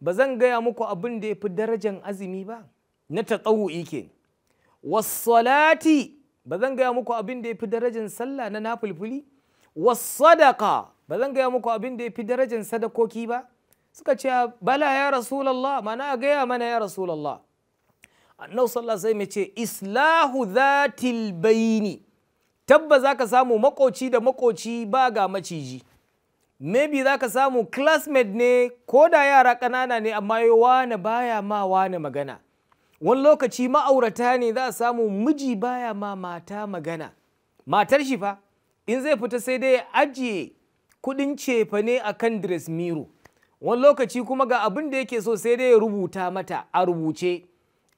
ba zan gaya muku abin da ya fi darajan azumi ba na tatsawu'i ike. wasalati ba zan gaya muku abin da ya fi darajan sallah na nafulfuli wasadaka ba zan gaya muku abin da ya fi darajan sadakoki ba suka ce bala ya rasulallah mana a gaya mana ya rasulallah annabi Sallah sai wasallam ce islahu zatil baini tabba zaka samu makoci da makoci ba ga maciji maybe za ka samu classmate ne ko da yara ƙanana ne amma ya wane baya ma wane magana wani lokaci ma'aurata ne za a samu miji baya ma mata magana matar shi fa in zai fita sai dai ajiye kudin cefa ne a kan dress miro wani lokaci kuma ga abin da yake so sai dai ya rubuta mata a rubuce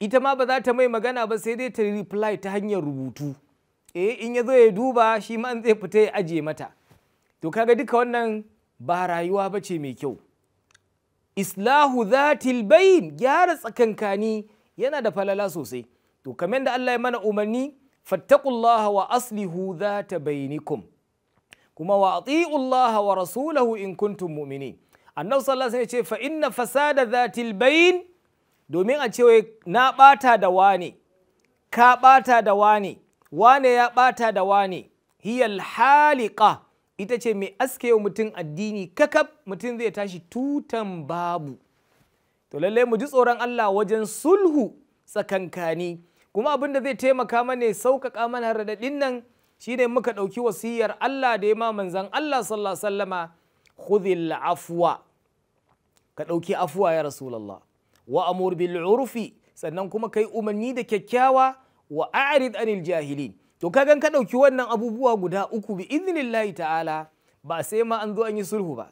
ita ma ba za ta mai magana ba sai dai ta reply ta hanyar rubutu eh in ya zo ya duba shi ma zai fita ya ajiye mata to kaga duka wannan ba rayuwa ba ce mai kyau islahu zatil bayin gyara tsakankani yana da falala sosai to kamar da Allah ya mana umarni fattaqullaha wa aslihu zata bainikum kuma wa ati'ullaha wa rasulahu in kuntum mumini annabi sallallahu alaihi wasallam ya ce fa inna fasada zatil bayin domin a cewa na bata da wane ka bata da wane wane ya bata da wane hiyal haliqa ita ce mai aske wa mutum addini kakab mutum zai tashi tutan babu to lallai mu ji tsoron Allah wajen sulhu tsakankani kuma abin da zai taimaka mana sauƙaƙa mana raɗaɗin nan shine muka ɗauki wasiyar Allah da ya ma manzan Allah sallallahu alaihi wasallama khudhil afwa ka ɗauki afuwa ya rasulallah wa amur bil urfi sannan kuma kai umarni da kyakkyawa wa a'rid anil jahilin to kagan ka ɗauki wannan abubuwa guda uku bi iznillahi ta'ala ba sai ma an zo an yi sulhu ba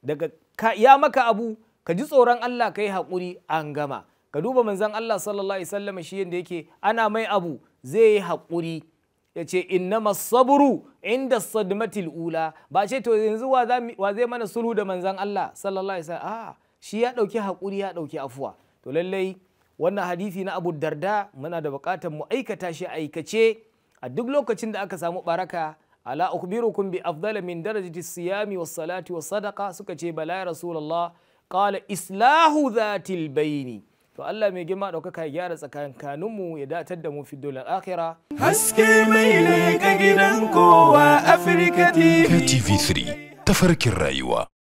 daga ya maka abu ka ji tsoron Allah ka yi haƙuri an gama ka duba manzon Allah sallallahu alaihi wasallam shi yanda yake ana mai abu zai yi haƙuri ya ce inna masaburu inda sadmatil ula ba ce to yanzu wa zai mana sulhu da manzon Allah sallallahu alaihi wasallam a shi ya ɗauki hakuri ya ɗauki afuwa to lallai wannan hadisi na Abu Darda muna da buƙatar mu aikata shi aikace الدقل وكتشند أكسا مباركة ألا أخبركم بأفضل من درجة الصيام والصلاة والصدقة سكتشي بلا رسول الله قال إصلاح ذات البين فألا من جماعة وكاكا يارس أكان كانمو يدا تدمو في الدول الآخرة هسكي ميلي كجنانكو وأفريكا تي في 3 تفرك الرأيوة